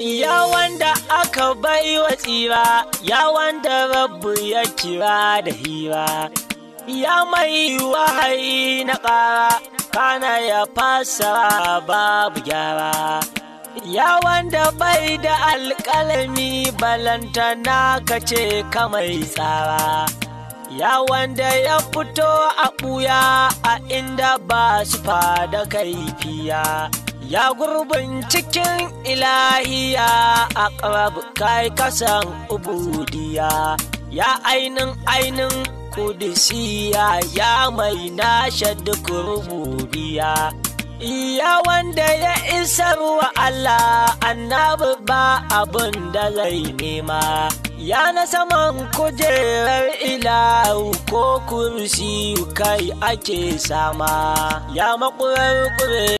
Ya wanda aka bai wa tsira, ya wanda rabu ya kira da hira, ya mai wahayi na ƙara, kana ya fasa babu gyara. Ya wanda bai da alƙalami balanta ka ce kamai tsara. Ya wanda ya fito a ɓuya a inda ba su fada fiya. Ya gurbin cikin ilahiya a ƙarab kai kasan ubudiya, ya ainin ainin kudisiya ya mai nasha duk rububiya. Iya wanda ya isar wa Allah annabi ba abin da zai nema. Ya na saman kujerar ilahu ko kursi kai ake sama, ya makurar kure.